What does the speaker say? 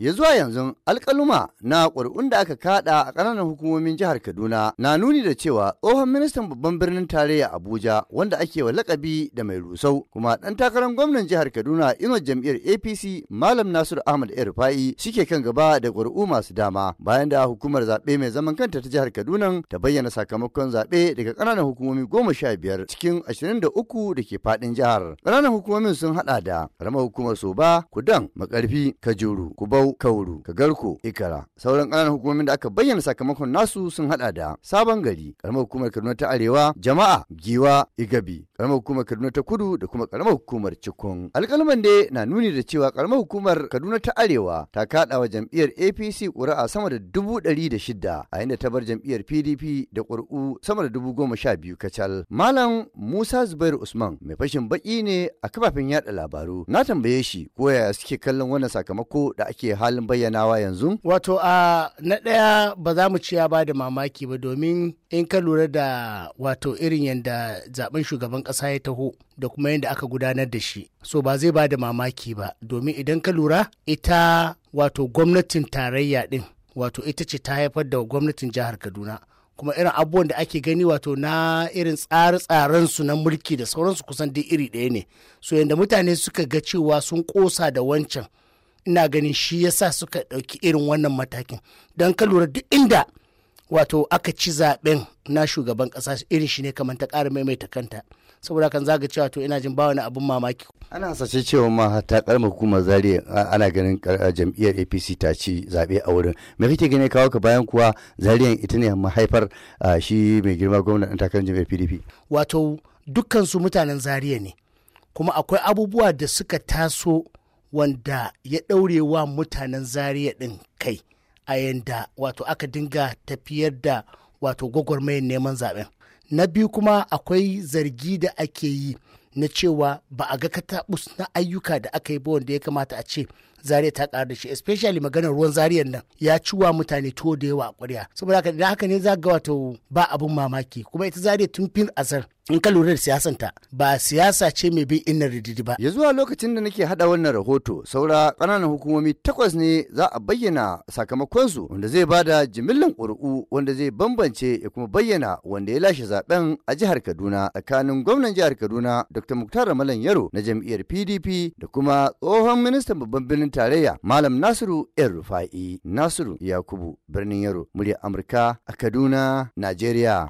ya zuwa yanzu alkaluma na ƙuri'un da aka kaɗa a ƙananan hukumomin jihar kaduna na nuni da cewa tsohon ministan babban birnin tarayya abuja wanda ake wa lakabi da mai rusau kuma ɗan takarar gwamnan jihar kaduna ino jam'iyyar apc malam Nasiru ahmad shi shike kan gaba da ƙuri'u masu dama bayan da hukumar zaɓe mai zaman kanta ta jihar kaduna ta bayyana sakamakon zaɓe daga ƙananan hukumomi goma sha biyar cikin ashirin da uku da ke faɗin jihar ƙananan hukumomin sun haɗa da ƙaramar hukumar soba kudan makarfi kajuru kubau kauru ka Kagarko, Ikara. Sauran ƙananan hukumomin da aka bayyana sakamakon nasu sun hada da Sabon Gari, ƙaramar hukumar Kaduna ta Arewa, Jama'a, Giwa, Igabi, karamar hukumar kaduna ta kudu da kuma karamar hukumar cikun alkalman dai na nuni da cewa karamar hukumar kaduna ta arewa ta kada wa jam'iyyar apc ƙuri'a sama da dubu ɗari da shida a inda ta bar jam'iyyar pdp da ƙuri'u sama da dubu goma sha biyu kacal malam musa zubairu usman mai fashin baki ne a kafafen yada labaru na tambaye shi ko yaya suke kallon wannan sakamako da ake halin bayyanawa yanzu wato a na ɗaya ba za mu ci ya ba da mamaki ba domin in ka lura da wato irin yadda zaben shugaban ƙasa ya taho da kuma yadda aka gudanar da shi so ba zai ba da mamaki ba domin idan ka lura ita wato gwamnatin tarayya din wato ita ce ta haifar da gwamnatin jihar kaduna kuma irin abubuwan da ake gani wato na irin tsare-tsaren su na mulki da sauransu kusan duk iri ɗaya ne so yadda mutane suka ga cewa sun ƙosa da wancan ina ganin shi yasa suka ɗauki irin wannan matakin don ka lura duk inda wato aka ci zaben na shugaban kasa irin shi ne kamar ta ƙara maimaita kanta saboda kan zaga cewa to ina jin ba wani abun mamaki ana hasashe cewa ma ta karma hukumar zariya ana ganin jam'iyyar apc ta ci zabe a wurin me kake gani kawo ka bayan kuwa zariyan ita ne mahaifar shi mai girma gwamna dan takarar jam'iyyar pdp wato dukkan su mutanen zariya ne kuma akwai abubuwa da suka taso wanda ya ɗaure wa mutanen zariya din kai a yanda wato aka dinga tafiyar da wato gwagwarmayar neman zaɓen na biyu kuma akwai zargi da ake yi na cewa ba a ga katabus na ayyuka da aka yi ba wanda ya kamata a ce zariya ta karu da shi especially maganar ruwan zariyar nan ya ciwa mutane to da yawa a ƙwarya saboda haka idan haka ne za ga wato ba abun mamaki kuma ita zariya tun fin azar in ka lura da siyasanta ba siyasa ce mai bin inna rididi ba. Ya zuwa lokacin da nake hada wannan rahoto saura kananan hukumomi takwas ne za a bayyana sakamakonsu wanda zai bada jimillan ƙuri'u wanda zai bambance ya kuma bayyana wanda ya lashe zaben a jihar Kaduna tsakanin gwamnan jihar Kaduna Dr. Muktar Ramalan Yaro na jam'iyyar PDP da kuma tsohon ministan babban birnin tarayya Malam Nasiru ‘yan Rufa'i, Nasiru Yakubu birnin Yaro, murya Amurka a Kaduna, Najeriya.